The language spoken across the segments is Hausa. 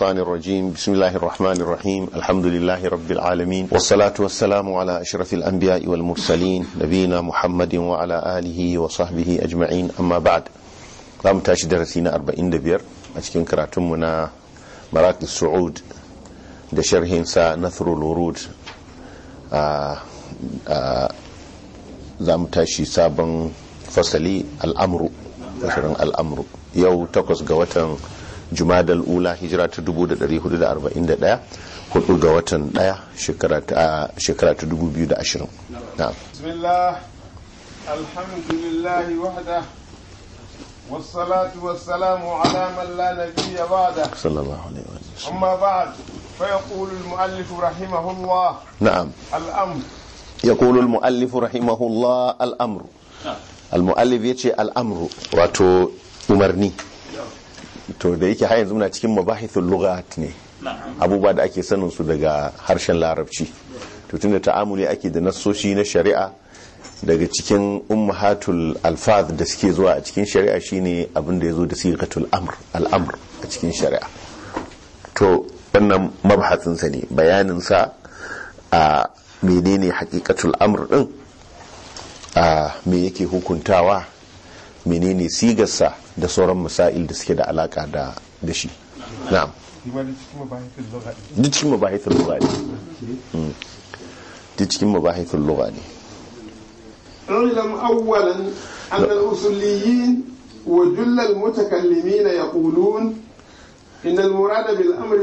الشيطان الرجيم بسم الله الرحمن الرحيم الحمد لله رب العالمين والصلاة والسلام على أشرف الأنبياء والمرسلين نبينا محمد وعلى آله وصحبه أجمعين أما بعد لم تاش درسينا أربعين دبير أشكين كراتمنا مراكز السعود دشرهن سا نثر الورود آآ آآ لم تاشي سابن fasali al'amru ashirin al'amru yau takwas ga watan jumadal ula hijira ta 1441 hudu ga watan daya shekara ta 2020 bismillah alhamdulillah wahda wasalatu wasalamu ala man la nabiyya ba'da sallallahu alaihi wa sallam amma ba'd fa yaqulu al mu'allif rahimahullah na'am Al'amru. Ya yaqulu al mu'allif rahimahullah al'amru. amr al mu'allif yace wato umarni to da yake har yanzu muna cikin mabahithul lughat ne abubuwa da ake sanin su daga harshen larabci to tunda ta'amuli ake da nassoshi na shari'a daga cikin ummahatul alfaz da suke zuwa a cikin shari'a shine abin da yazo da sigatul amr al'amr a cikin shari'a to wannan mabahatsin sa ne bayanin sa a menene haqiqatul amr din a me yake hukuntawa menene sigarsa da sauran masail da suke da alaka da shi na'am duk cikin mabahithul lura ne hmm. duk cikin mabahithul lura ne اعلم إن المراد بالأمر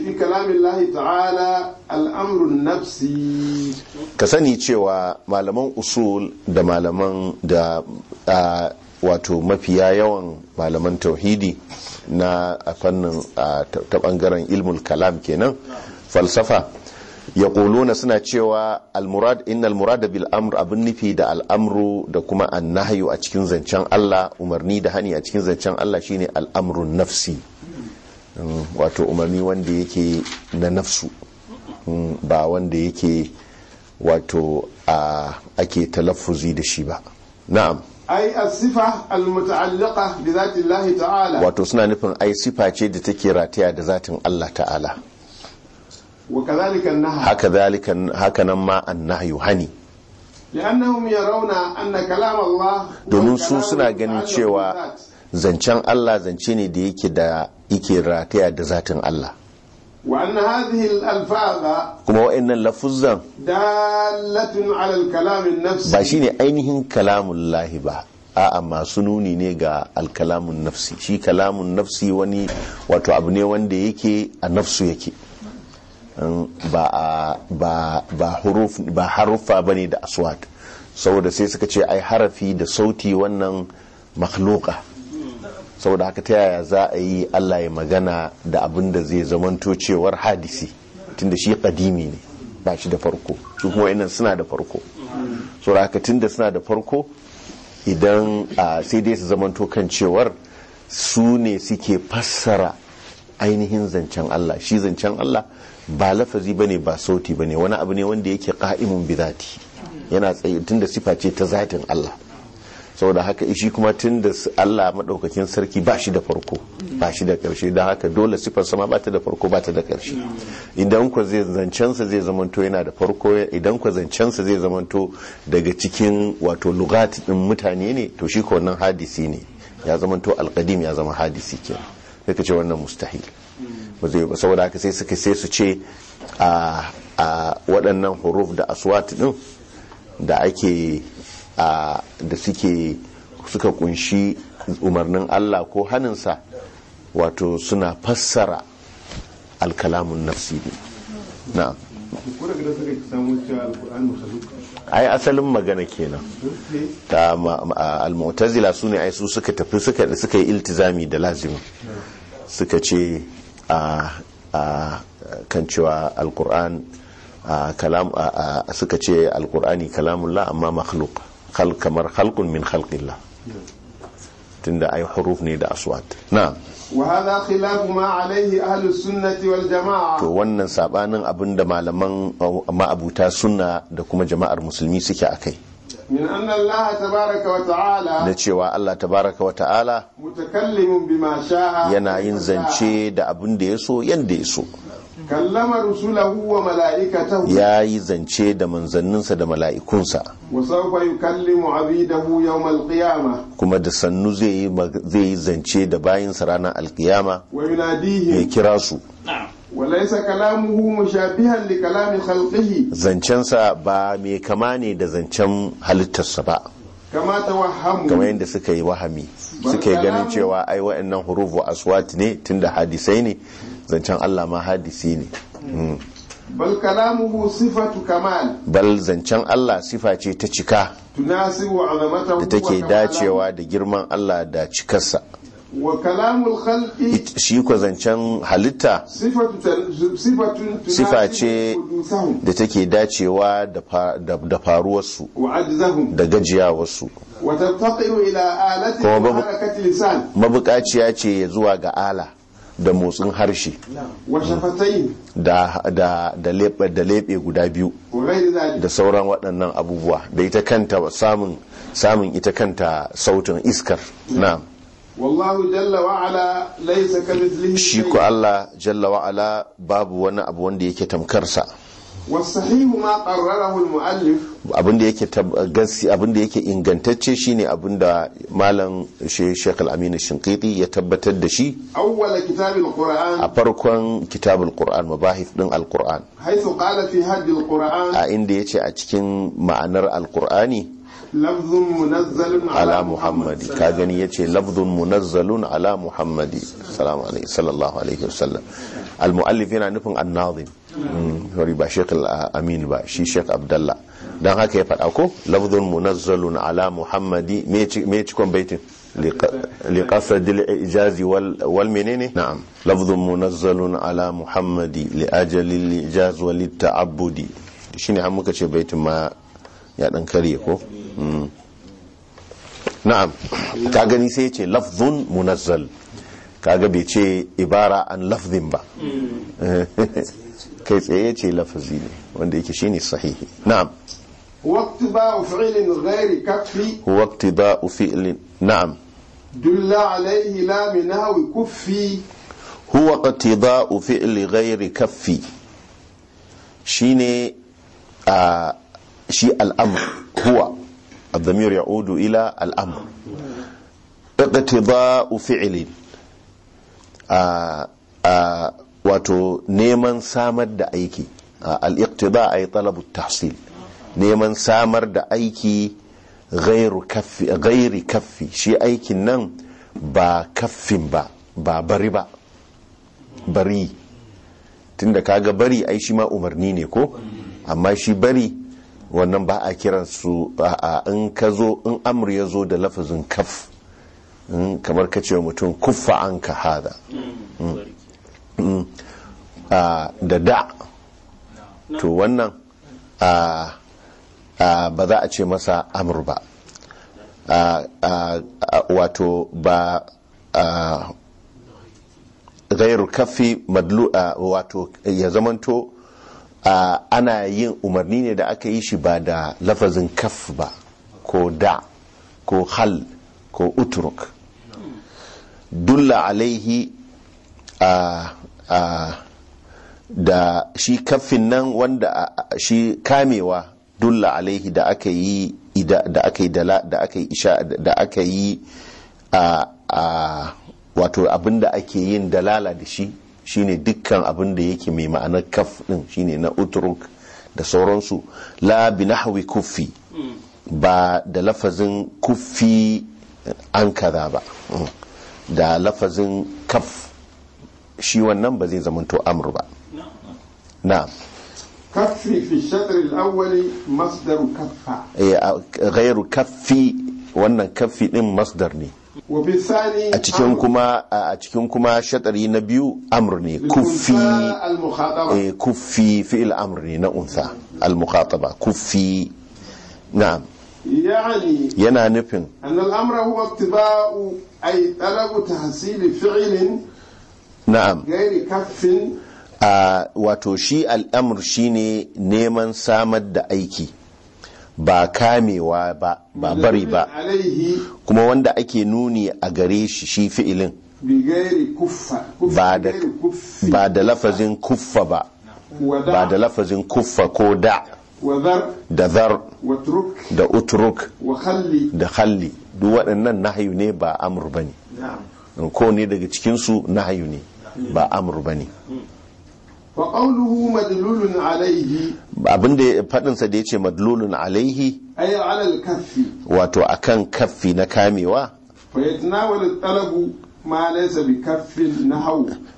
في كلام الله تعالى الأمر النفسي كساني cewa malaman usul da malaman da wato mafiya yawan malaman tauhidi na a fannin ta bangaren ilmul kalam kenan falsafa ya na suna cewa almurad innal murada bil amr abin nufi da al'amru da kuma annahyu a cikin zancen Allah umarni da hani a cikin zancen Allah shine al'amrun nafsi mm, wato umarni wanda yake na nafsu mm, ba wanda yake wato ake talaffuzi da shi ba na'am ai asifa almuta'allaqa bi zati Allah ta'ala wato suna nufin ai sifa ce da take rataya da zatin Allah ta'ala wa kadhalika haka zalika haka nan ma an-nahy hani li'annahum yarawna anna kalam Allah domin su suna ganin cewa zancen Allah zance ne da yake da yake rataya da zatin Allah وأن هذه lafuzan. كما وإن اللفظة دالة على الكلام shi باشيني أينهن كلام a'a masu nuni ne ga alkalamun nafsi shi kalamun nafsi wani wato abu ne wanda yake a nafsu yake ba haruffa ba haruffa da aswat saboda sai suka ce ai harafi da sauti wannan makhluqa saboda haka ta yaya za a yi Allah ya magana da abin da zai zamanto cewar hadisi tunda shi kadimi ne ba shi da farko su kuma wa'annan suna da farko saboda haka tunda suna da farko idan sai dai su zamanto kan cewar su ne suke fassara ainihin zancen Allah shi zancen Allah ba lafazi ba ne ba sauti ba ne wani abu ne wanda yake ka'imun bizati yana tsaye tunda sifa ce ta zatin Allah saboda haka shi kuma tun da Allah maɗaukakin sarki ba shi da farko ba shi da ƙarshe don haka dole sifar sama ba ta da farko ba ta da ƙarshe idan ku zai zancensa zai zamanto yana da farko idan ku zancensa zai zamanto daga cikin wato lugati ɗin mutane ne to shi ko hadisi ne ya zamanto alƙadim ya zama hadisi ke suka ce wannan mustahil saboda haka sai suka sai su ce a waɗannan huruf da aswat ɗin da ake da suke suka kunshi umarnin Allah ko haninsa wato suna fassara alkalamun nafsi ne na ai asalin magana kenan ta al mautazila su ne ai su suka tafi suka suka yi iltizami da lazimi suka ce a kan cewa al suka ce al kalamun la amma makhluk kamar khalqun min khalqillah tunda ai huruf ne da aswat na'am wa hadha khilafu ma alayhi ahli sunnati wal jamaa to wannan sabanin abinda malaman ma'abuta sunna da kuma jama'ar musulmi suke akai min anna Allah tabaraka wa ta'ala da cewa Allah tabaraka wa ta'ala mutakallimun bima sha'a yana yin zance da abin da yaso yanda yaso kallama rusulahu wa mala'ikatahu ya yi zance da manzanninsa da mala'ikunsa wa yukallimu abidahu yawm alqiyama kuma da sannu zai yi zai zance da bayinsa ranar alqiyama wa yunadihi ya kira su wa laysa kalamuhu mushabihan li kalami khalqihi zancensa ba mai kama ne da zancen halittarsa ba kama tawahhamu kamar yadda suka yi wahami suka yi ganin cewa ai wa'annan hurufu aswat ne tunda hadisai ne zancen Allah ma hadisi ne hmm. bal kalamuhu sifatu kamal bal zancen Allah sifa ce ta cika tunasibu azamatahu da take dacewa da girman Allah da cikarsa wa kalamul khalqi shi ko zancen halitta sifa ce da take dacewa da faruwarsu da harakati lisan. mabukaciya ce zuwa ga ala da motsin harshe da leɓe guda biyu da sauran waɗannan abubuwa da ita kanta samun samun ita kanta sautin iskar na shi ku Allah jalla wa'ala babu wani abu wanda yake tamkarsa abinda yake abinda yake ingantacce shine abinda malam Sheikh Al-Amin shinkiti ya tabbatar da shi Qur'an a farkon kitabul Qur'an mabahith din Al-Qur'an Al-Qur'an a inda ce a cikin ma'anar Al-Qur'ani ala muhammadi ka gani ya ce lafzun munazzalun ala muhammadi sallallahu alaihi wasallam al muallif yana nufin an-nazim hori hmm. hmm. ba sheikh al-amin ba shi sheikh Abdallah. don haka ya faɗa ko lafzul munazzalun ala muhammadi me cikon baitin لقصد الإعجاز والمنين نعم ala منزل على محمد لأجل wal ta'abbudi shine har muka ce baitin ma ya dan kare ko hmm. na'am ka gani sai ce lafzun munazzal kaga bai ce ibara an lafzin ba hmm. kai tsaye ce lafazi ne wanda yake shine sahihi na'am هو اقتضاء فعل غير كفي هو اقتضاء فعل نعم دل عليه لا من كفي هو اقتضاء فعل غير كفي شيني آه شيء الأمر هو الضمير يعود إلى الأمر اقتضاء فعل آه آه wato neman آه، الاقتضاء اي طلب التحصيل neman samar da aiki gairi kaffi shi aikin nan ba kaffin ba ba bari ba bari tunda kaga bari ai shi ma umarni ne ko amma shi bari wannan ba a kiransu a in ka zo in amur ya zo da lafazin kaf kamar ka wa mutum kuffa an ka hada mm. Mm. Mm. da da to wannan a Ah, ba za a ce masa amur ba ah, ah, wato ba gairu kafi madlu wato ya zamanto ana yin umarni ne da aka yi shi ba da lafazin kaf ba ko da ko hal ko uturuk dulla alaihi da shi kafin nan wanda shi kamewa dulla alaihi da aka yi da aka yi da aka yi da aka yi a wato abinda ake yin dalala da shi shine dukkan abin da yake mai ma'anar kaf din shine na utruk da sauransu la bi nahwi kuffi hmm. ba da lafazin kuffi an kaza ba hmm. da lafazin kaf shi wannan ba zai zamanto amur ba na'am كفي في الشطر الأول مصدر كفة غير كفي wannan kaffi din masdar ne a cikin kuma a cikin kuma shatari na biyu amr ne kuffi eh kuffi fi'il amr ne na unsa al mukhataba kuffi na'am yana nufin an al amra huwa ittiba'u ay talabu tahsil fi'lin na'am ghairi kaffin a wato shi al'amur shine neman samar da aiki ba kamewa ba ba bari ba kuma wanda ake nuni a gare shi shi fi'ilin ba da lafazin kuffa ba ba da lafazin kuffa ko da da zar da utruk da halli duk waɗannan nahayu ne ba amur ba ne ko ne daga cikinsu nahayu ne ba amur ba ne hmm. wa qawluhu abin da faɗinsa da ya yace madlulun alaihi wato kafi. kan kaffi na kamewa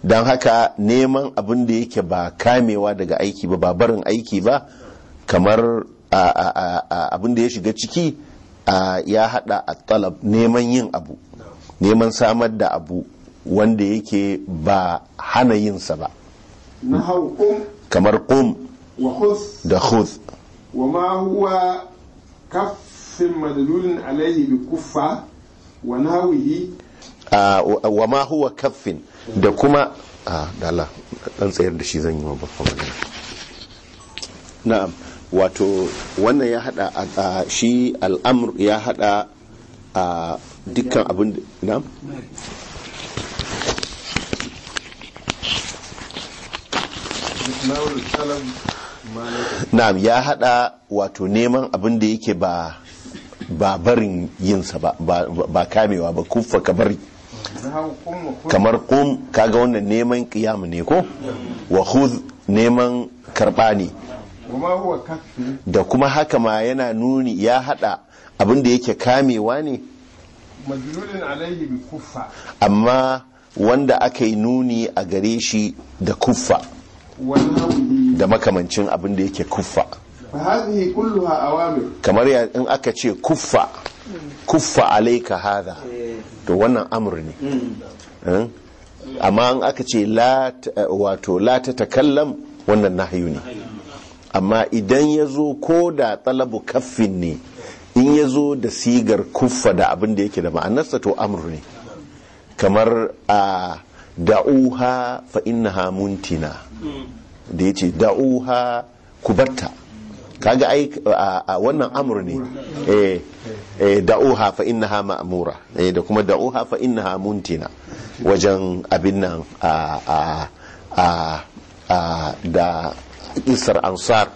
don haka neman abin da yake ba kamewa daga aiki ba ba barin aiki ba kamar abin da ya shiga ciki ya haɗa a talab neman yin abu neman samar da abu wanda yake ba hana yinsa ba kamar kum da khudh wa ma huwa kafin madalulin alaihi bi kuffa wa nawihi ah, wa ma huwa kaffin da kuma a ah, dala dan tsayar da shi zan yi babban magana na'am wato wannan ya hada a ah, shi al'amur ya hada a dukkan abin na'am na'am ya hada wato neman abin da yake ba ba barin yinsa ba ba kamewa ba kuffa ka bari kamar kum kaga wannan neman kiyamu ne ko wa khudh neman karba ne da kuma haka ma yana nuni ya hada abin da yake kamewa ne amma wanda aka yi nuni a gare shi da kuffa da makamancin abin da yake kuffa kamar ya in aka ce kuffa kuffa alaika hada to wannan amur ne hmm. Hmm? amma in aka ce wato la ta takallam wannan nahayu ne amma idan ya zo ko da talabu kaffin ne in ya zo da sigar kuffa da abin da yake da ma'anarsa to amur ne kamar a da'uha fa innaha muntina da ya ce da'uha kubarta kaga ai a wannan amur ne eh, eh, da'uha fa innaha ma'mura eh, da kuma da'uha fa innaha muntina wajen abin nan da isar ansar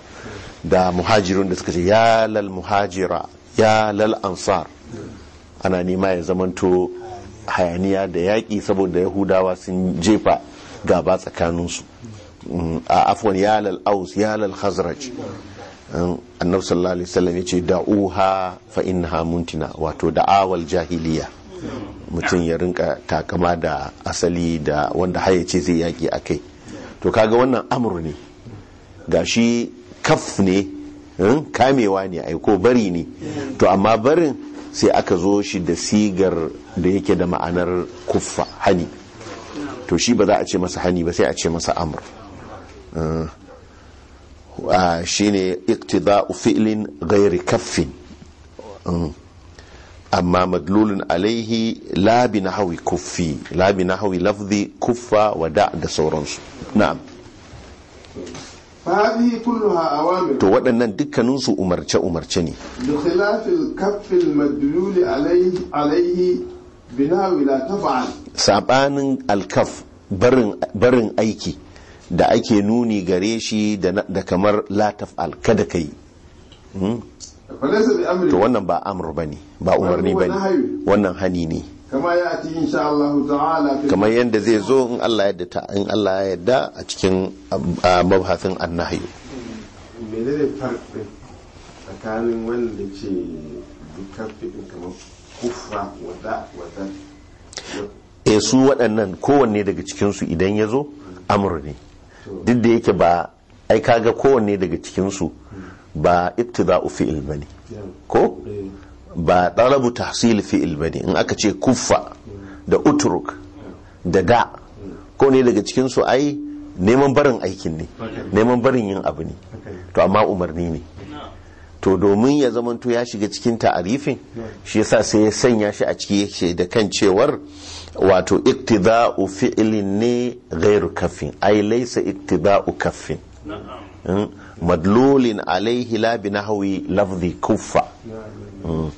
da muhajirun da suka ce ya lal muhajira ya lal ansar ana nema ya zamanto hayaniya da yaƙi saboda yahudawa sun jefa gaba tsakaninsu a yalal yalal aus yalal hazraj khazraj annabi sallallahu alaihi wasallam yace da'uha fa innaha muntina wato da'awal jahiliya mutum ya rinka takama da asali da wanda har zai yaki a kai to kaga wannan amur ne gashi kaf ne kamewa ne aiko bari ne to amma barin sai aka zo shi da sigar da yake da ma'anar kuffa hani to shi ba za a ce masa hani ba sai a ce masa amur shi ne iktida'u fi'lin gairi kaffin amma madlulun alaihi labi na hawi kuffi labi na hawi lafzi kuffa wada da sauransu na'am to waɗannan dukkaninsu umarce-umarce ne saɓanin alkaf barin aiki da ake nuni gare shi da kamar lataf alkada ka yi hmm? to wannan ba amur ba ne ba umarni ba ne wannan hani ne kamar yadda zai zo in Allah ya ta in Allah yadda a cikin mabhasin annahyu menene farkin tsakanin wanda ce kamar kufa wada wada eh, su waɗannan kowanne daga cikinsu idan ya zo amur ne duk da yake ba ai kaga kowanne daga cikinsu ba ibtida'u fi'il bane ko ba talabu tahsil fi'il bane in aka ce kuffa da utruk da da ko daga cikinsu ai neman barin aikin ne neman barin yin abu ne to amma umarni ne to domin ya zamanto ya shiga cikin ta'arifin shi yasa sai ya sanya shi a ciki yake da kan cewar wato iktida'u fi'ilin ne gairu kafin ai laisa iktida'u kafin hmm? madlulin alaihi labi na hawi lafzi kufa mai hmm.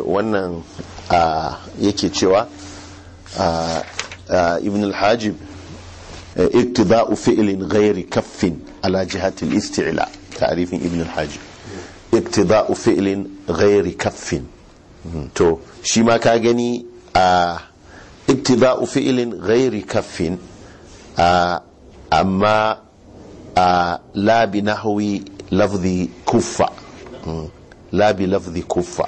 ah, wannan ah, yake cewa ah, ibn al-hajib eh, iktida'u fi'ilin gairi kafin ala jihatil isti'la ta'rifin ibn al-hajib iktida'u fi'ilin gairi kafin to shi ma ka gani a ibtida'u fi'ilin ghairi kaffin amma labi na hawi lafzi kuffa mm, labi lafzi kuffa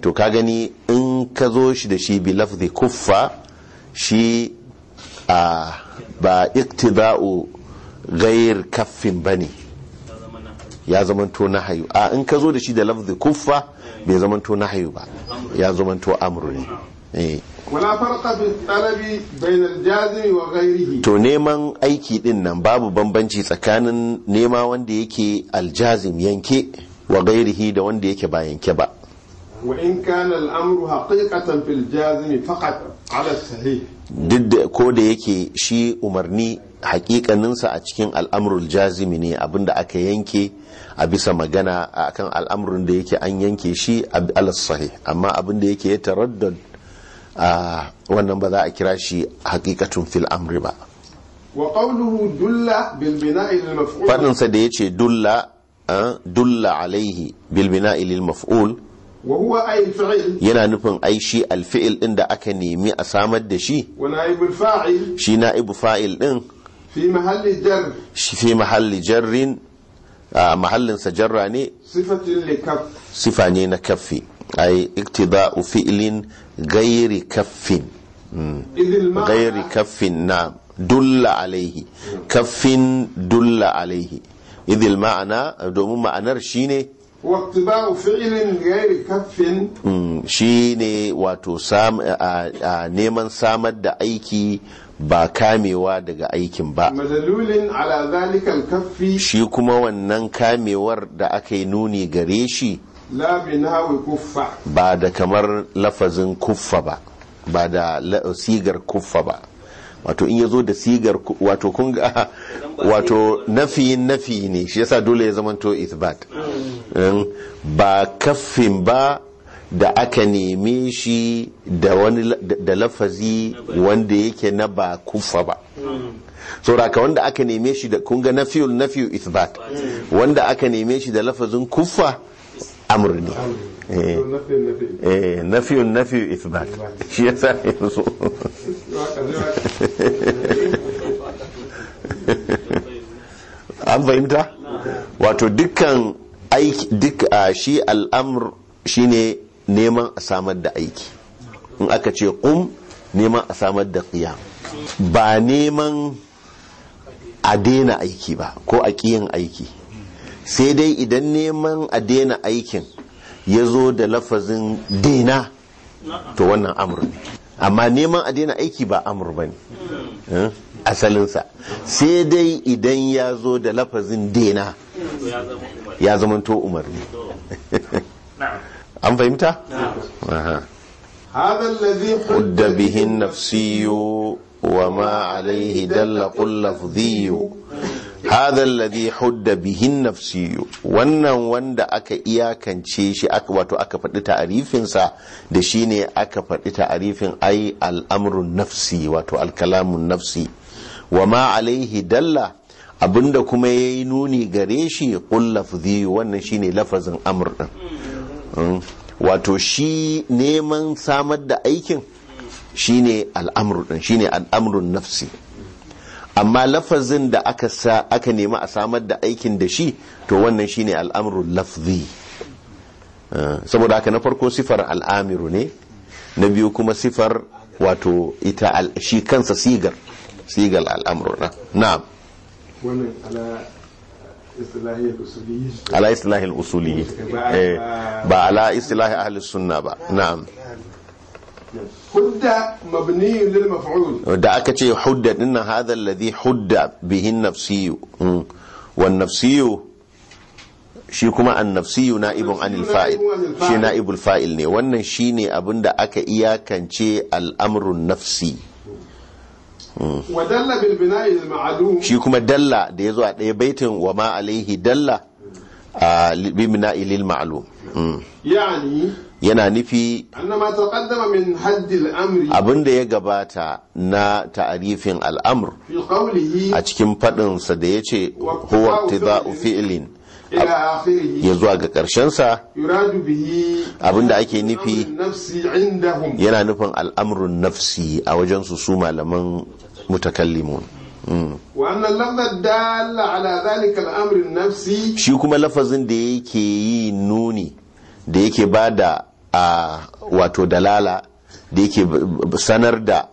to ka gani in ka zo shi da shi bi lafzi kuffa shi ba iktida'u ghair kaffin bane ya zamanto hayu a in ka zo da shi da lafzi kuffa bai zamanto hayu ba ya zamanto amru ne eh. wala farqa fi talabi bayna al-jazim wa ghayrihi to neman aiki din nan babu bambanci tsakanin nema wanda yake al-jazim yanke wa ghayrihi da wanda yake ba yanke ba wa in kana al-amru haqiqatan fil jazim faqat ala sahih duk da ko da yake shi umarni hakikaninsa a cikin al'amurul jazimi ne abinda aka yanke a bisa magana a kan al'amarin da yake an yanke shi alas sahih amma abin da yake ya taraddad wannan ba za a kira shi hakikatun fil amri ba faɗinsa da yace dulla dulla alaihi bilbina ilil maf'ul yana nufin ai shi ɗin da aka nemi a samar da shi shi na fa'il shi fa'il din fi mahalli jarrin mahallin sajarra jarra ne sifa ne na kaffi ai iktida'u fi'lin gairi kaffin gairi kaffin na dulla alaihi kaffin dulla alaihi idil ma'ana domin ma'anar ne. waktiba'u fi'lin gairi kaffin ne wato neman samar da aiki ba kamewa daga aikin ba shi kuma wannan kamewar da aka yi nuni gare shi ba da kamar lafazin kuffa ba ba da sigar kuffa ba wato in ya zo da sigar wato kunga wato nafi nafi ne shi yasa dole ya zamanto isbat hmm. hmm. ba kaffin ba da aka neme shi da wani da lafazi wanda yake na ba kufa ba ka wanda aka neme shi da kunga nafiyul nafiyu isbat wanda aka neme shi da lafazin kufa amr ne eh. nafiyul nafiyu eh, isbat shi yasa yanzu an fahimta wato dukkan aiki duk ah, shi shi shine neman a samar da aiki in aka ce kum neman a samar da ƙiya ba neman a daina aiki ba ko a ƙiyin aiki sai dai idan neman a daina aikin ya zo da lafazin daina to wannan amur ne amma neman a daina aiki ba amur ba ne eh, asalinsa sai dai idan ya zo da lafazin daina ya zama to umarni an fahimta? هذا الذي قد به النفسي وما عليه دل قل لفظي هذا الذي حد به النفسي wannan wanda aka iyakance shi aka wato aka faɗi ta'arifin sa da shine aka faɗi ta'arifin ai al'amrun nafsi wato al-kalamun nafsi wama alaihi dalla abinda kuma yayi nuni gare shi qul lafzi wannan shine lafazin amr din Mm. wato shi neman samar da aikin shine al'amru Shi shine al'amrun nafsi amma lafazin da aka nema a samar da aikin da shi to wannan shi shine al'amrun lafzi mm. saboda haka na farko sifar al'amiru ne na biyu kuma sifar wato ita shi kansa sigar sigar al'amru na ala ala istilahi al-usuli eh, ba ala istilahi ahli sunna ba na'am hudda mabni lil maf'ul da aka ce hudda dinna hadha alladhi hudda bihi an-nafsiy mm. wan nafsiy shi kuma an-nafsiy na'ibun anil fa'il shi na'ibul fa'il ne wannan shine abinda aka iyakance al-amru nafsi wa bil bina'i al shi kuma dalla da zo a ɗaya baitin wa ma alaihi dalla a bi bina'i lil ma'lum hmm. yani yana nufi abin da ya gabata na ta'arifin al'amur a cikin faɗinsa da ya ce huwa tida'u fi'ilin ya zuwa ga ƙarshensa abin da ake nufi yana nufin al'amurin nafsi a wajensu su malaman mutakallimun mm. wannan lafaz dalla ala zalika nafsi shi kuma lafazin da yake yi nuni da yake ba da wato dalala da yake sanar da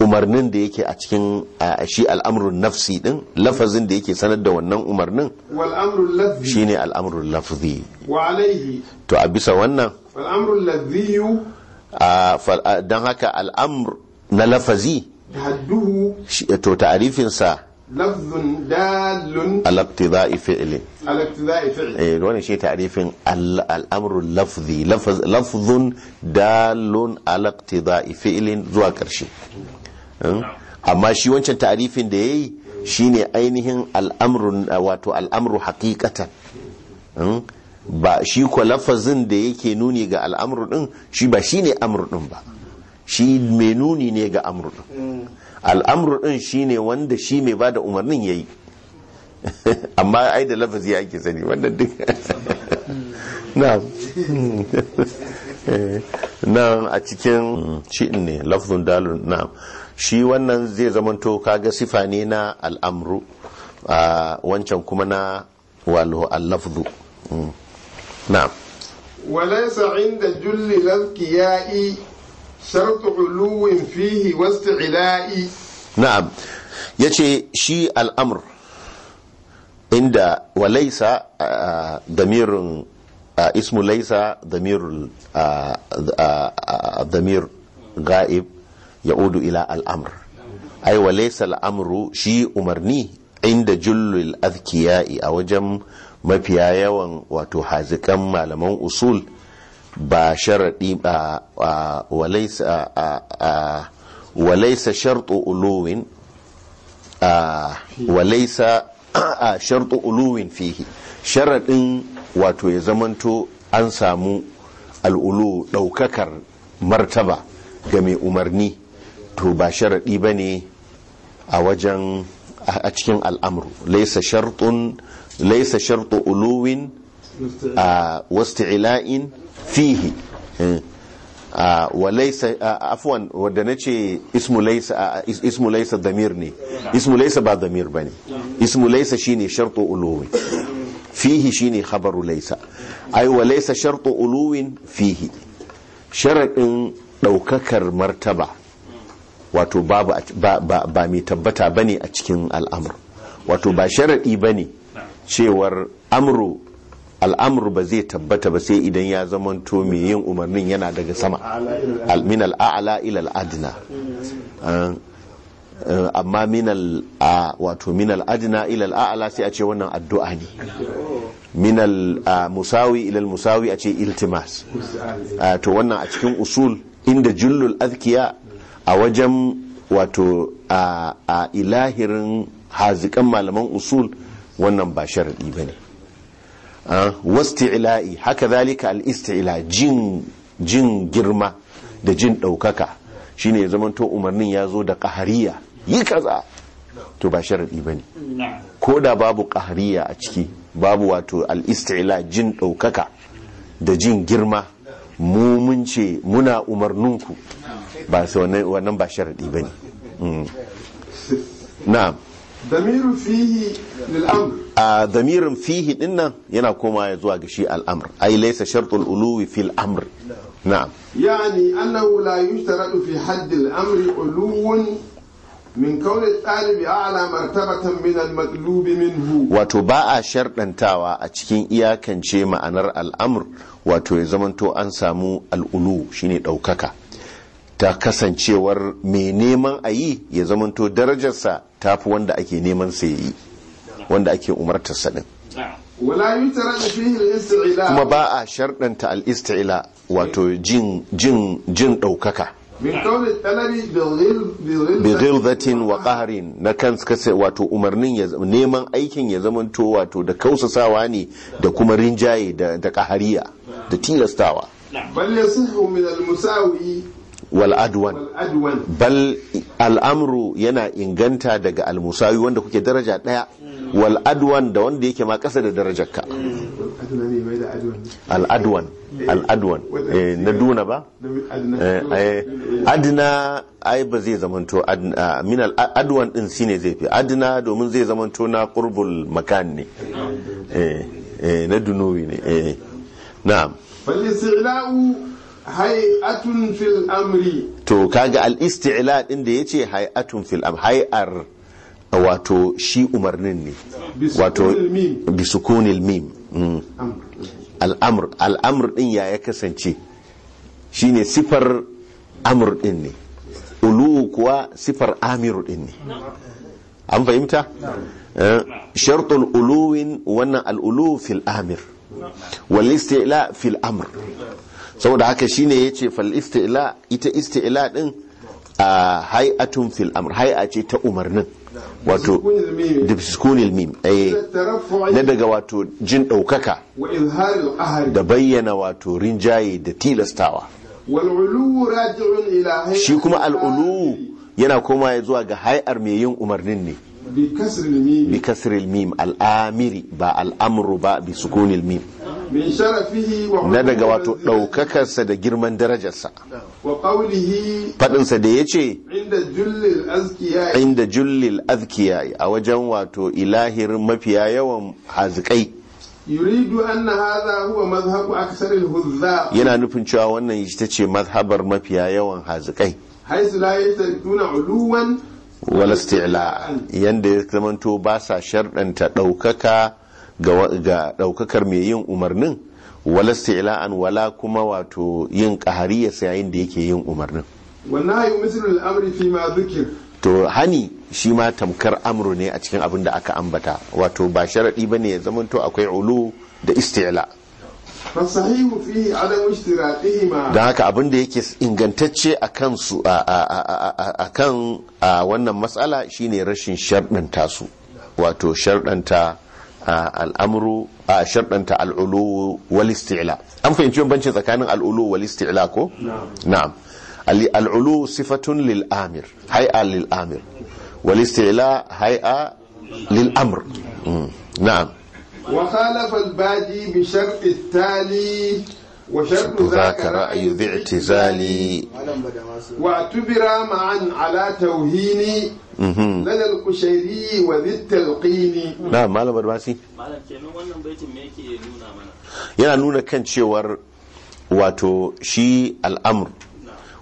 umarnin da yake a cikin shi al'amrun nafsi din lafazin da yake sanar da wannan umarnin shine al'amrun lafzi to a bisa wannan don haka al'amur na lafazi hadduhu to ta'rifin سا لفظ دال على iqtidai فعل على iqtidai فعل eh wannan شيء تعريف الامر اللفظي لفظ لفظ دال على iqtidai فعل zuwa ƙarshe amma shi wancan ta'arifin da yayi shine ainihin al'amru wato al'amru haqiqatan ba shi ko lafazin da yake nuni ga al'amru din shi ba shine amru din ba shi mai nuni ne ga amru mm. al'amru din shine wanda shi mai bada umarnin ya yi. amma ai da lafazi ake sani wanda duk na'am eh, a cikin shi'in ne lafazin dalun na'am shi wannan zai zamanto kaga sifa ne na al'amru a wancan kuma na walo al-lafzu mm. na'am walaysa inda julli lazkiya'i shartu uluwin fihi wasu ila'i na'am ya ce shi al'amur inda ismu laisa damir ga'ib ya udu ila al'amur ai wa laisa shi umarni inda jullul azkiya'i a wajen mafiya yawan wato haziƙan malaman usul ba sharaɗi ba walaisa sharɗo uluwin walaisa sharɗo uluwin fihi sharaɗin wato ya zamanto an samu al'ulu ɗaukakar martaba ga mai umarni to ba sharaɗi ba ne a wajen a cikin al'amru laisa sharɗo uluwin a wasti'ila'in fihi eh, wa afwan wadda na ce ismu laisa damir ne ismu laisa ba damir bane ismu laysa shine shartu uluwi fihi shine habaru laisa ai wa laisa shartu uluwin fihi sharaɗin ɗaukakar martaba wato babu ba mai tabbata bane a cikin al'amur wato ba sharadi bane cewar amru al'amur ba zai tabbata ba sai idan ya zamanto mai yin umarnin yana daga sama min al'a'ala ilal adna eh, amma min wato ilal a'ala sai a ce wannan addu'a ne min musawi ilal musawi a ce iltimas eh, to wannan a cikin usul inda jullul azkiya a wajen wato a ilahirin haziƙan malaman usul wannan ba sharaɗi ba ne Ah, wasti'ila'i haka zalika al-isti'ila jin girma da jin ɗaukaka shine ya zamanto umarnin ya zo da kahariya yi kaza to ba sharaɗi ba ne ko da babu ƙahariya a ciki babu wato al jin ɗaukaka da jin girma mu mun ce muna umarninku ba wannan ba sharaɗi ba ne mm. na'am damiru fihi lil a damirin fihi dinnan yana koma ya zuwa gashi shi al'amr ai laisa shartul uluwi fil amr na'am yani annahu la fi haddi al amri uluwun min kauni ɗalibi a'la martabatan min al-matlubi minhu wato ba a sharɗantawa a cikin iyakance ma'anar al'amur wato ya zamanto an samu al'ulu shine ɗaukaka ta kasancewar mai neman a yi ya zamanto darajarsa ta fi wanda ake neman sa yi wanda ake sa din kuma ba a sharɗanta al'istila wato jin ɗaukaka bigilzatin wa ƙaharin na kan wato umarnin neman aikin ya zamanto wato da kausasawa ne da kuma rinjaye da ƙahariya da tilastawa wal'adwan bal al'amru yana inganta daga almusawi wanda kuke daraja daya wal'adwan da wanda yake ma kasa da ka al'adwan al'adwan na duna ba adina eh, eh, ai ba zai zamanto ah, min al'adwan din shine zai fi adina domin zai zamanto na qurbul makan ne eh, na dunowi ne na. hay'atun fil amri to kaga al-isti'la din da yace hay'atun fil amri hay'ar wato shi umarnin ne wato bisukunil mim mm. al'amr al'amr din ya ya kasance shine sifar amr din ne ulu kuwa sifar amiru din ne an fahimta eh, shartul uluwin wannan al'ulu fil amir wal istila fil amr saboda haka shine yace fal fal'isti'la ita isti'la din a hai'atun fil amr ce ta umarnin wato dibskunil mim eh, na daga wato jin ɗaukaka da bayyana wato rinjaye da tilastawa shi kuma al'ulu yana koma zuwa ga hai'ar mai yin umarnin ne bi kasril mim al'amiri ba al'amru ba bi sukunil mim na daga wato ɗaukakarsa da girman darajarsa faɗinsa da ya ce inda jullil azkiya a wajen wato ilahir mafiya yawan hazikai yana nufin cewa wannan ita ce mazhabar mafiya yawan hazikai wala isti'la yanda ya zamanto ba sa sharɗanta ɗaukaka ga ɗaukakar mai yin umarnin wala stila'an wala kuma wato yin ya yayin da yake yin umarnin wannan misalin al'amri fi ma zikir to hani shi ma tamkar amru ne a cikin abin da aka ambata wato ba sharaɗi bane ne ya zamanto akwai ulu da istila da haka abin da yake ingantacce a kan su a wannan matsala shine rashin sharɗanta su wato sharɗanta al'amru a sharɗanta al'ulu wal isti'la an fahimci bambanci tsakanin al'ulu wal isti'la ko na'am al'ulu sifatun lil'amir amir lil'amir lil amir wal isti'la mm. na'am wa khalafa al-baji bi وشرط ذاك رأي ذي اعتزالي واعتبر معا على توهيني لدى القشيري وذي التلقين نعم مالا برماسي مالا yana nuna kan cewar wato shi al'amr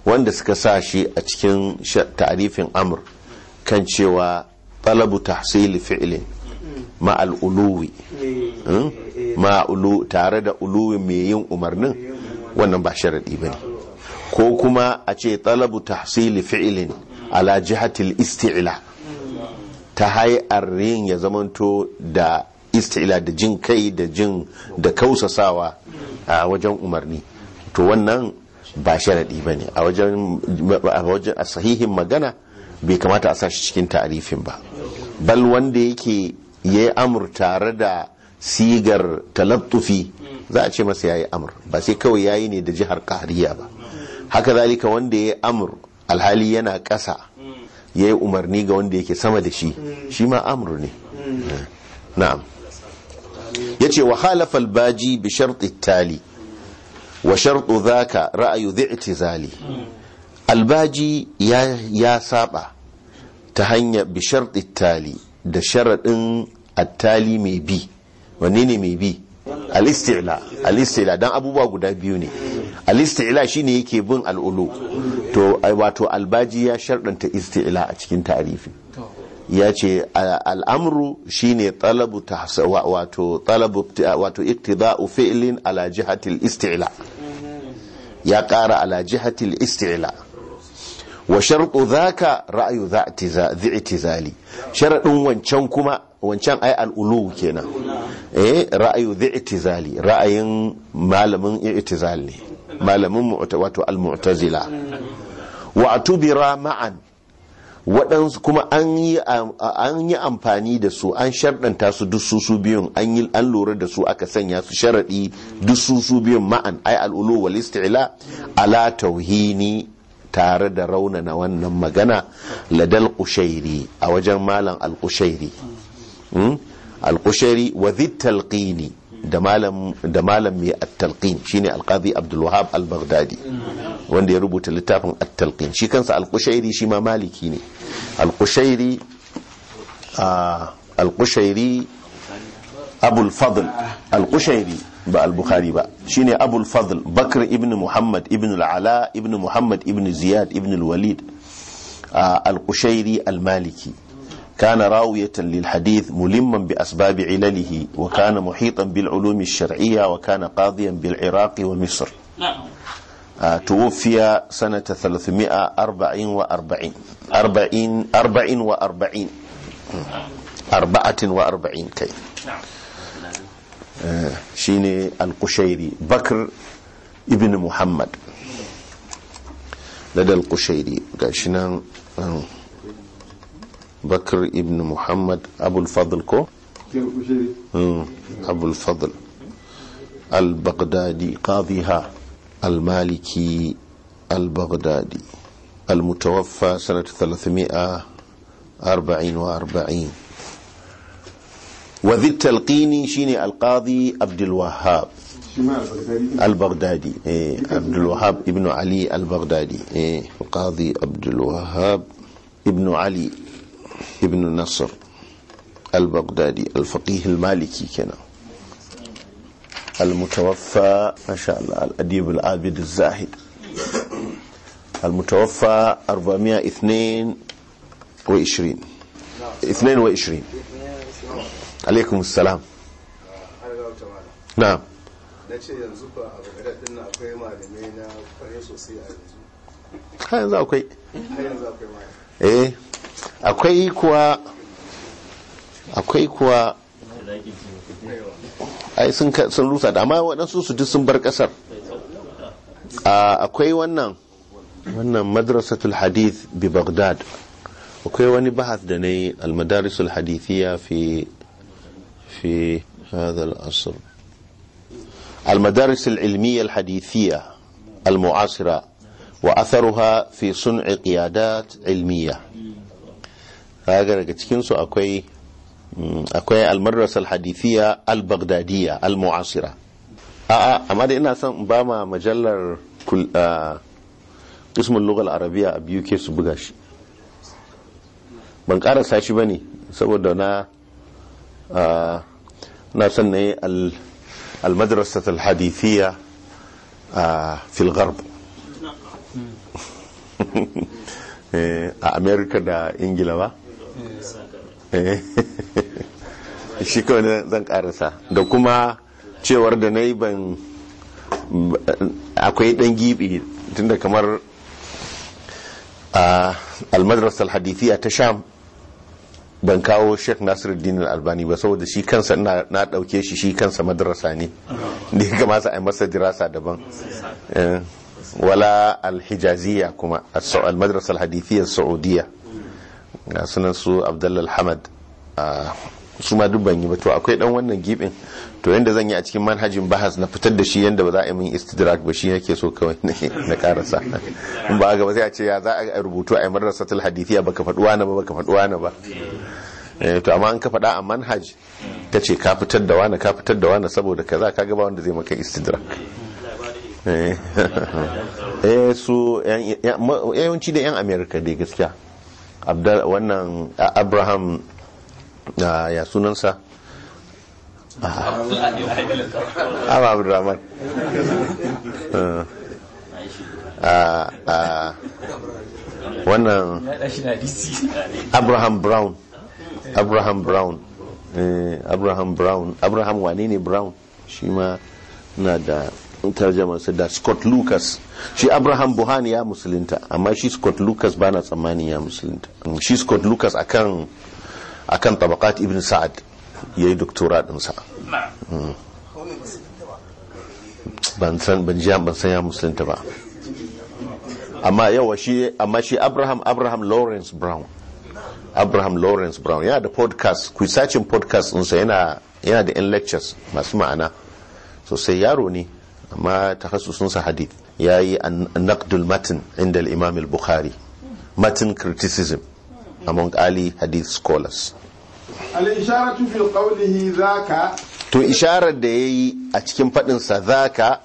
wanda suka sa shi a cikin tarifin amur kan cewa talabu tahsili fi'lin ma al'uluwi ma ulu tare da uluwin mai yin umarnin wannan ba sharadi ne. ko kuma a ce talabu tahsili fi'ilin ala jihatil isti'ila ta hayar yin ya zamanto da isti'ila da jin kai da jin da kausasawa a wajen umarni to wannan ba sharadi bane a wajen a sahihin magana bai kamata a sashi cikin tarifin ba bal wanda yake ya yi amur tare da sigar talattufi za a ce masa yayi amur, ba sai kawai yayi ne da jihar kahariya ba haka zalika wanda yayi amur alhali yana ƙasa yayi umarni ga wanda yake sama da shi shi ma amr ne na'am yace wa khalafa baji bi sharti tali wa shartu dhaka ra'yu zali albaji ya ya saba ta hanya bi sharti tali da sharadin attali mai bi wanne ne mai bi alisti'la istila dan abubuwa guda biyu ne alisti'la shine yake bin al'ulu to wato albaji ya shardanta istila a cikin tarifi ya ce al'amru shine talabu wato talabu wato iktida'u fi'lin ala jihatil istila ya ƙara ala jihatil istila wa sharɗu zaka ra'ayu zali sharaɗin wancan kuma wancan ai al'ulu kenan eh ra'ayu zai ra'ayin malamin itizali malamin wato al-mu'tazila wa atubira ma'an waɗansu kuma an yi amfani da su an sharɗanta su duk su biyun an yi an lura da su aka sanya su sharaɗi duk su biyun ma'an ai al'ulu wal isti'la ala tauhini tare da rauna na wannan magana ladal qushairi a wajen malam al-qushairi Hmm? alkushari qushari wa talqini da malam mai at-talqin shine alkazi qadi abdul al-baghdadi wanda ya rubuta littafin at-talqin shi kansa alkushari shi ma maliki ne alkushari alkushari abul fadl alkushari ba al-bukhari ba shine abul fadl bakr ibn muhammad ibn al-ala ibn muhammad ibn ziyad ibn al-walid al almaliki. al كان راوية للحديث ملما بأسباب علله وكان محيطا بالعلوم الشرعية وكان قاضيا بالعراق ومصر نعم. آه، توفي سنة 344 40 44 44 كي نعم. آه، شيني القشيري بكر ابن محمد لدى القشيري قال شنان آه. بكر ابن محمد أبو الفضل كو أبو الفضل البغدادي قاضيها المالكي البغدادي المتوفى سنة 344 وذي التلقين شيني القاضي عبد الوهاب البغدادي إيه عبد الوهاب ابن علي البغدادي إيه القاضي عبد الوهاب ابن علي ابن نصر البغدادي الفقيه المالكي كان المتوفى ما شاء الله الأديب العابد الزاهد المتوفى 422 22 عليكم السلام نعم yanzu نعم. akwai kuwa akwai kuwa ai sun rusa da amma waɗansu su duk sun bar ƙasar akwai wannan wannan madrasatul hadith bi baghdad akwai wani bahas da na yi almadarisul hadithiya fi fi هذا العصر المدارس العلمية الحديثية wa وأثرها fi صنع قيادات ilmiya kaga daga cikin su akwai mm, akwai almarras alhadithiya albagdadiya almu'asira a'a amma dai ina son ba ma majallar ah, ismin lugal arabiya a biyu ke su buga shi ban karasa shi ba ne saboda na ah, na son na yi almadrasat alhadithiya a ah, filgarb eh, a amerika da ingila ba Eh. shi kawai zan karisa da kuma cewar da na yi ban akwai dan gibi tunda kamar a almadrasar hadithiya ta sham ban kawo sheikh nasiruddin albani ba saboda shi kansa na dauke shi shi kansa madrasa ne da ya kamata a masa dirasa daban eh. wala alhijaziya kuma al-madrasar hadithiyar saudiya ga sunan su abdullal hamad ah, su ma dubban yi ba to akwai dan wannan gibin to yanda zan yi a cikin manhajin bahas na fitar da shi yanda ba za a yi min istidrak ba shi yake so kawai na karasa in ba ga ba sai a ce ya za a rubutu a yi madrasatul hadithiya baka faduwa na ba baka faduwa na ba eh, to amma an ka faɗa a manhaj ta ce ka fitar da wani ka fitar da wani saboda kaza ka gaba wanda zai maka istidrak eh, eh su yawanci da yan amerika dai gaskiya wannan abraham ya sunansa abu abdurrahman wannan abraham brown abraham brown eh, abraham brown abraham wane ne brown shi ma na da tarjama su da Scott Lucas shi Abraham buhari ya musulunta amma shi Scott Lucas bana tsammanin ya musulunta shi Scott Lucas akan akan tabakat Ibn Sa'ad ya yi doktora din sa hmm. ban san ban ji ban san ya musulunta ba amma yawa shi amma shi Abraham Abraham Lawrence Brown Abraham Lawrence Brown yana da podcast ku sacin podcast ɗinsa yana yana da 'yan lectures masu ma'ana sosai yaro ne amma takhassusunsa hadith ya yi naqdul matin inda al-imam al-bukhari matin criticism among ali hadith scholars al-isharatu fi qawlihi zaka to isharar da yayi a cikin fadin sa zaka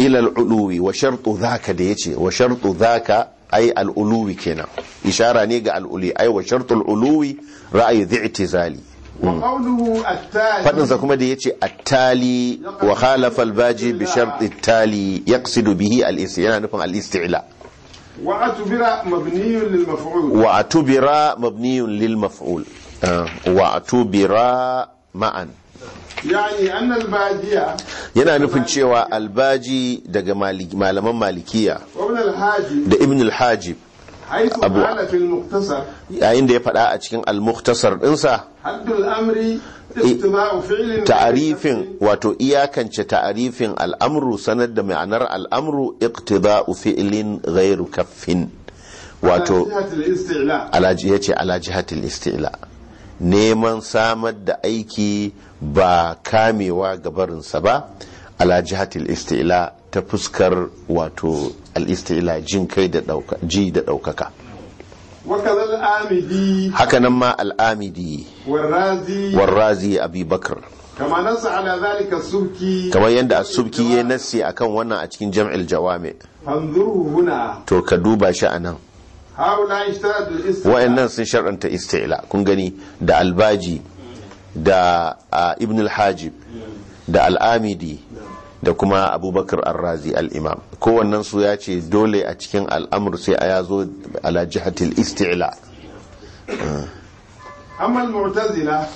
ila al-uluwi wa shartu zaka da yace wa shartu zaka ai al-uluwi kenan ishara ne ga al-uli ai wa shartu al-uluwi ra'ayi dhi'tizali faɗinsa kuma da ya ce attali wa khalafa albaji bi sharti tali ya bihi al'isi yana nufin al'istila wa Tubira mabniyun lil maf'ul wa Tubira ma'an yana nufin cewa albaji daga malaman malikiya da ibn al-hajib yayin da ya faɗa a cikin al-mukhtasar ɗinsa ta'arifin wato iyakance ta'arifin al'amru sanar da ma'anar al'amru iqtiba'u fi'lin ghairu kaffin wato alaji yace alaji hatil istila neman samar da aiki ba kamewa ga barinsa ba alaji hatil istila ta fuskar wato al-istila jin kai da ji da ɗaukaka haka nan ma al'amidi warrazi Bakar. kamar yadda a subki ya nasi a kan wannan a cikin jam'il jawami to ka duba shi a nan wa'annan sun sharanta isti'la kun gani da albaji da ibn al-hajib da al'amidi da kuma abubakar arrazi al'imam kowannen su ya ce dole a cikin al'amur sai a yazo ala jihatil isti'la ah.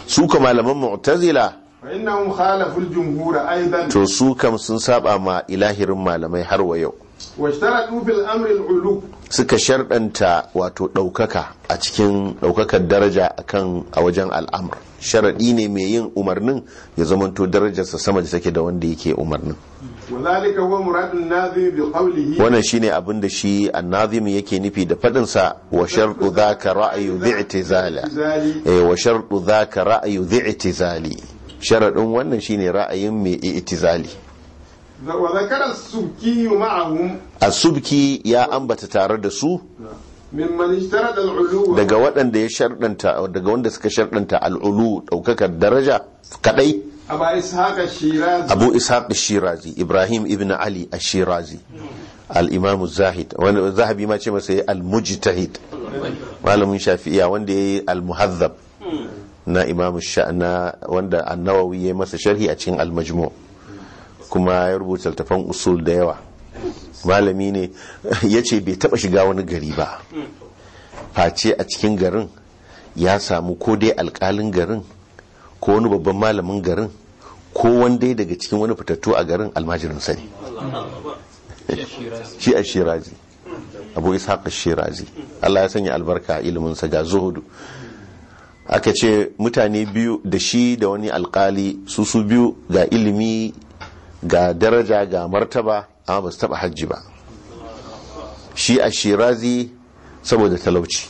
su ka malaman mu'tazila to su kam sun saba ma ilahirin malamai har wa yau suka sharɗanta wato ɗaukaka a cikin ɗaukakar daraja akan a wajen al'amur sharaɗi ne mai yin umarnin ya zamanto darajarsa sama da take da wanda yake umarnin wannan shine abin da shi annazim yake nufi da faɗinsa wa sharɗu zaka ra'ayu zali eh, wa sharɗu zaka ra'ayu zali sharaɗin wannan shine ra'ayin mai i'tizali asubki ya ambata tare da su daga waɗanda ya shardanta daga wanda suka shardanta al'ulu ɗaukakar daraja kaɗai abu ishaq shirazi ibrahim ibn ali shirazi al zahid wanda zahabi ma ce masa al-mujtahid malamin shafiya wanda ya yi al na imam wanda an-nawawi masa sharhi a cikin al kuma ya rubuta littafan usul da yawa malami ne ya ce bai taba shiga wani gari ba face a cikin garin ya samu ko dai alkalin garin ko wani babban malamin garin ko wanda daga cikin wani fitattu a garin almajirin sani shi a shirazi abu ishaq shirazi Allah ya sanya albarka a iliminsa ga zuhudu aka ce mutane biyu da shi da wani alkali su su biyu ga ilimi ga daraja ga martaba amma ba su taba hajji ba shi a shirazi saboda talauci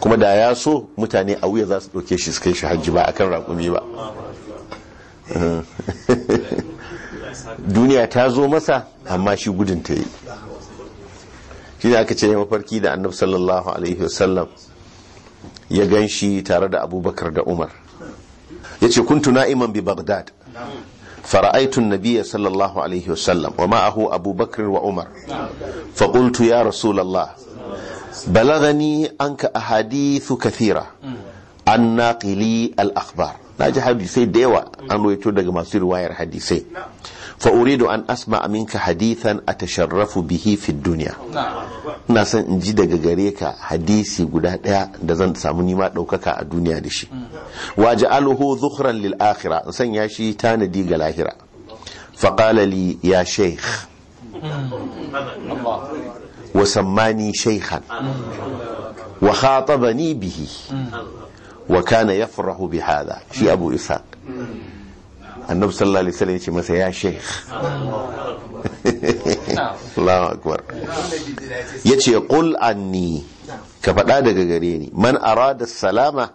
kuma da ya so mutane a wuya za su ɗauke shi su kai shi hajji ba a kan raƙumi ba duniya ta zo masa amma shi gudun ta yi shi ne aka ce mafarki da annabi sallallahu alaihi wasallam ya gan shi tare da abubakar da umar ya ce kuntu na'iman bi bagdad فرأيت النبي صلى الله عليه وسلم ومعه أبو بكر وعمر فقلت يا رسول الله بلغني أنك أحاديث كثيرة عن ناقلي الأخبار ناجي حديثي ديوة أنه يتودق مصير واير حديثي fa uridu an asma hadisan hadithan atasharrafu bihi fi duniya ina son in ji daga gare ka hadisi guda ɗaya da zan samu nima ɗaukaka a duniya da shi wa ja'aluhu zuhran lil akhira in sanya shi tanadi ga lahira fa ya shaykh wa sammani shaykhan wa khatabani bihi wa kana yafrahu bi hadha shi abu isa annabi sallallahu alaihi wasallam ya ce masa ya sheikh Allahu akbar yace qul anni ka faɗa daga gare ni man arada salama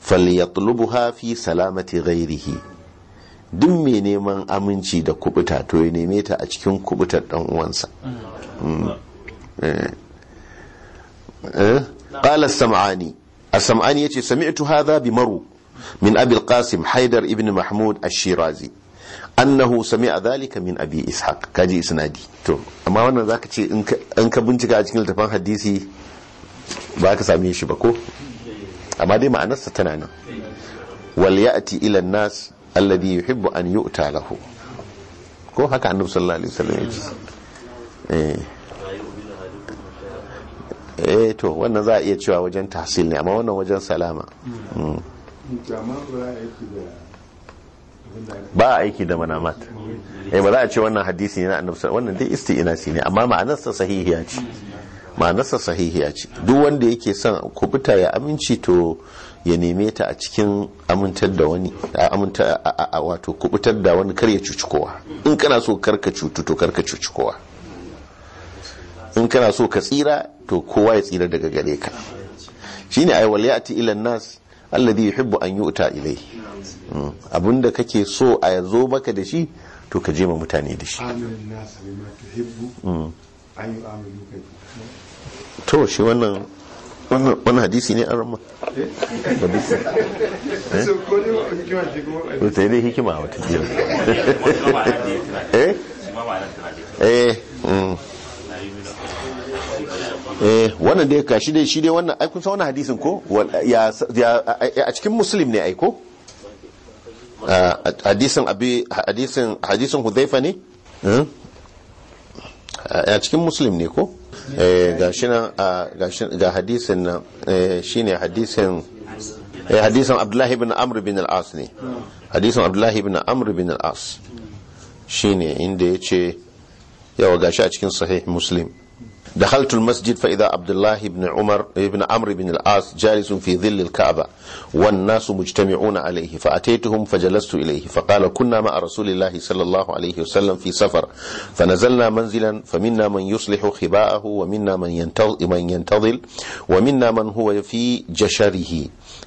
falyatlubuha fi salamati ghairihi duk mai neman aminci da kubuta to ya neme ta a cikin kubutar dan uwansa hmm. eh. Eh. qala as-sam'ani as-sam'ani yace sami'tu hadha bi maru min abil qasim haidar ibn mahmud ash-shirazi annahu sami'a dhalika min abi ishaq kaji isnadi to amma wannan zaka ce in ka bincika a cikin littafin hadisi ba ka same shi ba ko amma dai ma'anarsa tana nan wal ya'ti ila nas alladhi yuhibbu an yu'ta lahu ko haka annabi sallallahu alaihi wasallam ya ce eh eh to wannan za a iya cewa wajen tahsil ne amma wannan wajen salama hmm. ba a aiki da manamat eh ba za a ce wannan hadisi ne na annabi wannan dai si ne amma ma'anarsa sahihiya ce ma'anarsa sahihiya ce duk wanda yake son kubuta ya aminci to ya neme ta a cikin amintar da wani a aminta a wato kubutar da wani kar ya cuci kowa in kana so karka cutu to karka cuci kowa in kana so ka tsira to kowa ya tsira daga gare ka shine ay wal ya'ti ila nas alladhi yuhibbu an yu'ta ilayhi mm. abunda kake so a yazo maka da shi to ka je ma mutane da shi mm. to shi wannan wannan hadisi ne an rama eh? hadisi eh hikima wata eh eh mm. eh wannan dai ka shi dai shi dai wannan ai kun san wannan hadisin ko ya a cikin muslim ne ai ko ah, hadisin abi hadisin hadisin hudhaifa ne hmm? a cikin muslim ne ko eh, ga shi nan ah, ga hadisin nan eh, shine hadisin eh, hadisin abdullahi bin amr bin al-as ne hadisin abdullahi bin amr bin al-as shine inda yace yawa gashi a cikin sahih muslim دخلت المسجد فإذا عبد الله بن عمر بن عمرو بن العاص جالس في ظل الكعبة والناس مجتمعون عليه فأتيتهم فجلست إليه فقال كنا مع رسول الله صلى الله عليه وسلم في سفر فنزلنا منزلا فمنا من يصلح خباءه ومنا من ينتظل, من ينتظل ومنا من هو في جشره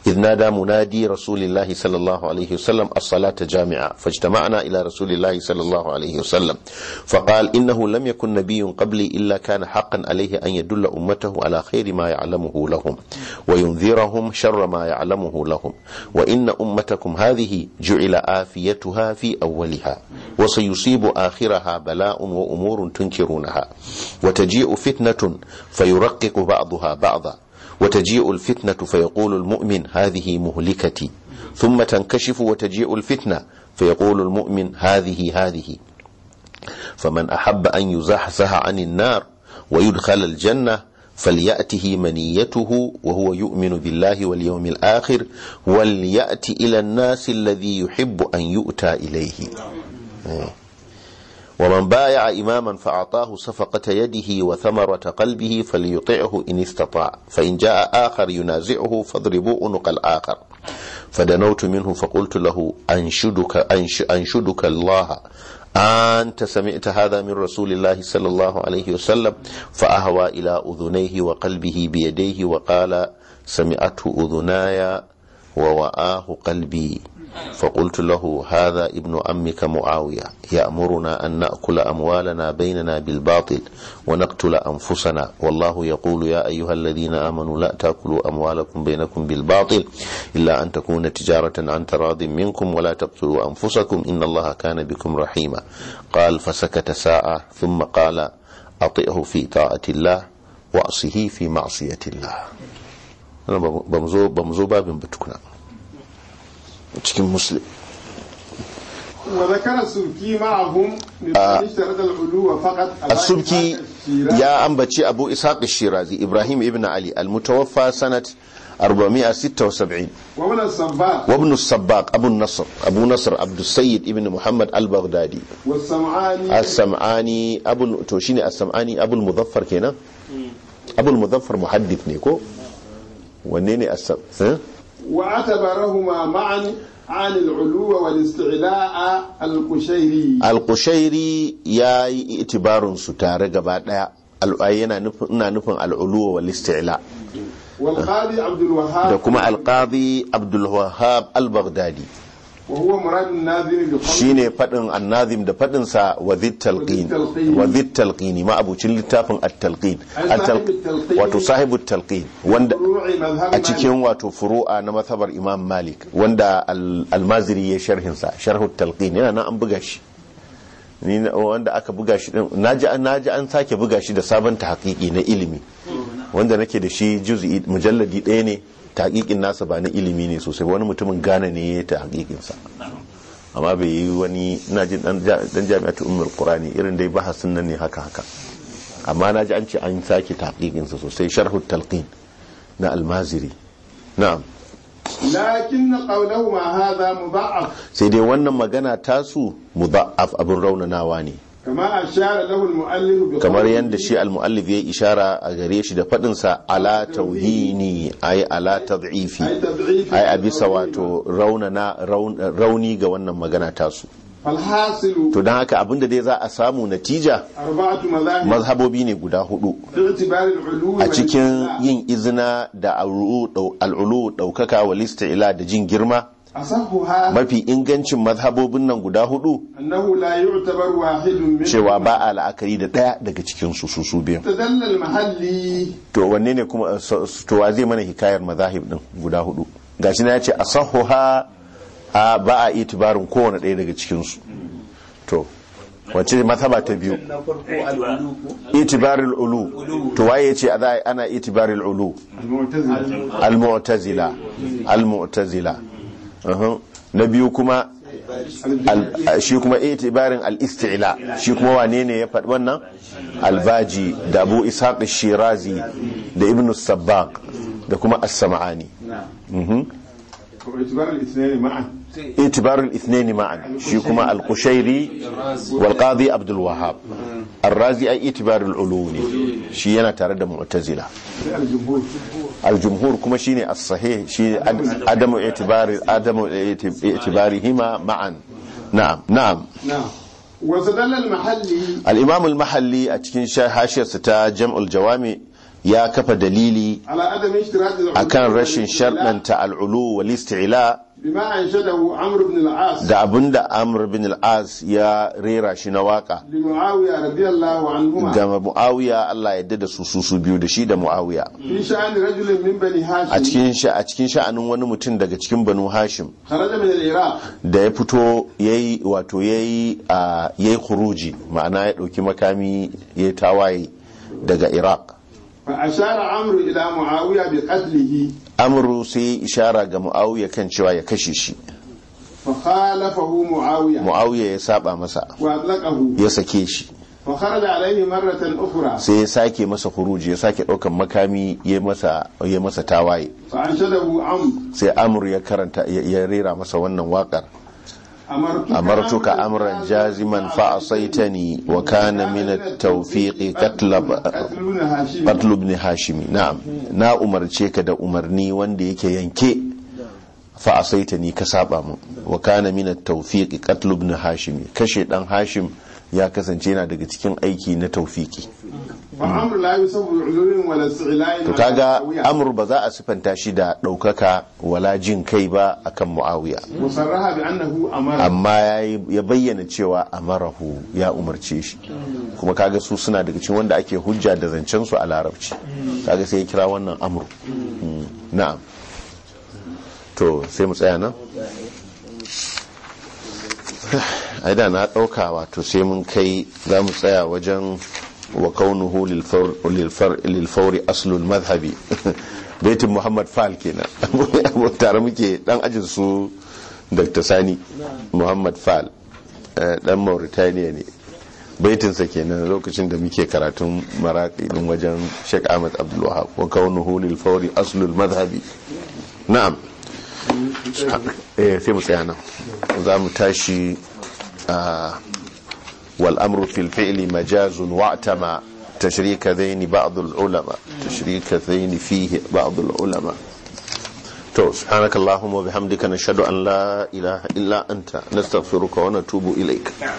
إذ نادى منادي رسول الله صلى الله عليه وسلم الصلاة جامعة فاجتمعنا إلى رسول الله صلى الله عليه وسلم فقال إنه لم يكن نبي قبلي إلا كان حقا عليه أن يدل أمته على خير ما يعلمه لهم وينذرهم شر ما يعلمه لهم وإن أمتكم هذه جعل آفيتها في أولها وسيصيب آخرها بلاء وأمور تنكرونها وتجيء فتنة فيرقق بعضها بعضا وتجيء الفتنة فيقول المؤمن هذه مهلكتي ثم تنكشف وتجيء الفتنة فيقول المؤمن هذه هذه فمن أحب أن يزحزح عن النار ويدخل الجنة فليأته منيته وهو يؤمن بالله واليوم الآخر وليأت إلى الناس الذي يحب أن يؤتى إليه ومن بايع إماما فأعطاه صفقة يده وثمرة قلبه فليطعه إن استطاع فإن جاء آخر ينازعه فاضربوا عنق الآخر فدنوت منه فقلت له أنشدك, أنش أنشدك الله أنت سمعت هذا من رسول الله صلى الله عليه وسلم فأهوى إلى أذنيه وقلبه بيديه وقال سمعته أذناي ووآه قلبي فقلت له هذا ابن عمك معاوية يأمرنا أن نأكل أموالنا بيننا بالباطل ونقتل أنفسنا والله يقول يا أيها الذين آمنوا لا تأكلوا أموالكم بينكم بالباطل إلا أن تكون تجارة عن تراض منكم ولا تقتلوا أنفسكم إن الله كان بكم رحيما قال فسكت ساعة ثم قال أطئه في طاعة الله وأصه في معصية الله ba mu zo babin ba tukuna cikin a asubki ya ambaci abu ishaq shirazi ibrahim ibn ali al-Mutawafa sanat 476 wabnu sabbaq abu nasr abu nasr abdu sayyid ibn muhammad al-baghdadi as-sam'ani abu to shine as-sam'ani abu al-muzaffar kenan hmm. abu al-muzaffar muhaddith ne ko wanne ne asab eh? wa atabarahuma ma'an an al'uluwa wal isti'la al-qushairi al-qushairi yayi itibarun su tare gaba daya al'ayi yana ina nufin al'uluwa wal isti'la wal qadi abdul wahhab da kuma al qadi abdul wahhab al baghdadi shi ne faɗin annazim da sa wa zit talqini abucin littafin at-talqin wato sahibu talqin wanda a cikin wato furu'a na matsabar imam malik wanda almaziri ya sharhinsa sharhu talqin yana nan an buga shi ni wanda aka buga shi din naji naji an sake buga shi da sabon tahqiqi na ilimi wanda nake da shi juz'i mujalladi ɗaya ne taƙiƙin nasa ba na ilimi ne sosai wani mutumin gane ne ya ta haƙiƙinsa amma bai yi wani na jin dan ta umar qur'ani irin dai bahasin nan ne haka haka amma na ji an ce an sake ta hakikinsa sosai sharhu talqin na almaziri na'am lakin na qawluhu ma hadha mudha'af sai dai wannan magana tasu mudha'af abin raunanawa ne kamar yadda shi al-mu'allif ya ishara a gare shi da faɗinsa ala tauhini ai ala tad'ifi ai a bisa wato rauni ga wannan magana tasu to don haka abinda dai za a samu natija mazhabobi ne guda hudu a cikin yin izina da al'ulu ɗaukaka wa ila da jin girma mafi ingancin mazhabobin nan guda hudu cewa ba a la'akari da ɗaya daga cikin su su biyan to wanne ne kuma to wa zai mana hikayar mazahib din guda hudu gashi na ya ce asahuha a ba a itibarin kowane ɗaya daga cikin su to wace mazhaba ta biyu itibarul ulu to waye yace ana itibarul ulu al-mu'tazila al-mu'tazila na biyu kuma shi kuma itibarin al-istila shi kuma wane ne ya faɗi wannan albaji da abu ishaq shirazi da ibn sabbaq da kuma as-sam'ani mhm. itibarin al-ithnaini ma'an shi kuma al-qushairi wal qadi abdul wahhab arrazi ai itibarul ulu ne shi yana tare da mu'tazila al-jumhur kuma shine as-sahih shi adamu itibari adamu itibarihima ma'an na'am al-imam al-mahalli a cikin hashiyarsa ta jam'ul jawami ya kafa dalili akan rashin sharɗanta al-ulu wal-isti'la da abin da amr bin al'as ya rera shi na waka ga mu'awiya Allah ya da su su biyu da shi da mu'awiya a cikin sha'anin wani mutum daga cikin banu hashim da ya fito ya yi wato ya yi kuruji ma'ana ya ɗauki makami ya tawaye daga iraq amuru sai ishara ga muawiya kan cewa ya kashe shi muawiya ya saba masa ya sake shi sai ya sake masa huruji ya sake daukan makami ya masa tawaye sai amur ya karanta ya rera masa wannan wakar amartuka amran jaziman fa asaitani wa kana min at-tawfiq qatl ibn hashim na'am na umarce ka da umarni wanda yake yanke fa asaitani ka saba mu wa kana min at-tawfiq qatl ibn kashe dan hashim ya kasance yana daga cikin aiki na tawfiki to kaga Amur ba za a sifanta shi da ɗaukaka wala jin kai ba akan muawiya amma ya bayyana cewa amarahu ya umarce shi kuma kaga su suna daga cikin wanda ake hujja da zancen su a larabci kaga sai ya kira wannan amr mm. na'am to sai mu tsaya nan Aida da na ɗauka wato sai mun kai za mu tsaya wajen Wa وكونه للفور للفر للفور اصل المذهب بيت محمد فال كنا tare muke dan ajin su Dr. Sani Muhammad Fal dan Mauritania ne baitinsa kenan lokacin da muke karatun maraki din wajen Sheikh Ahmad Abdul Wahab wa kaunuhu lil fawri aslul madhhabi na'am eh sai mu tsaya nan za mu tashi والأمر في الفعل مجاز واعتمى تشريكذين بعض العلماء تشريكذين فيه بعض العلماء تو سبحانك اللهم وبحمدك نشهد أن لا إله إلا أنت نستغفرك ونتوب إليك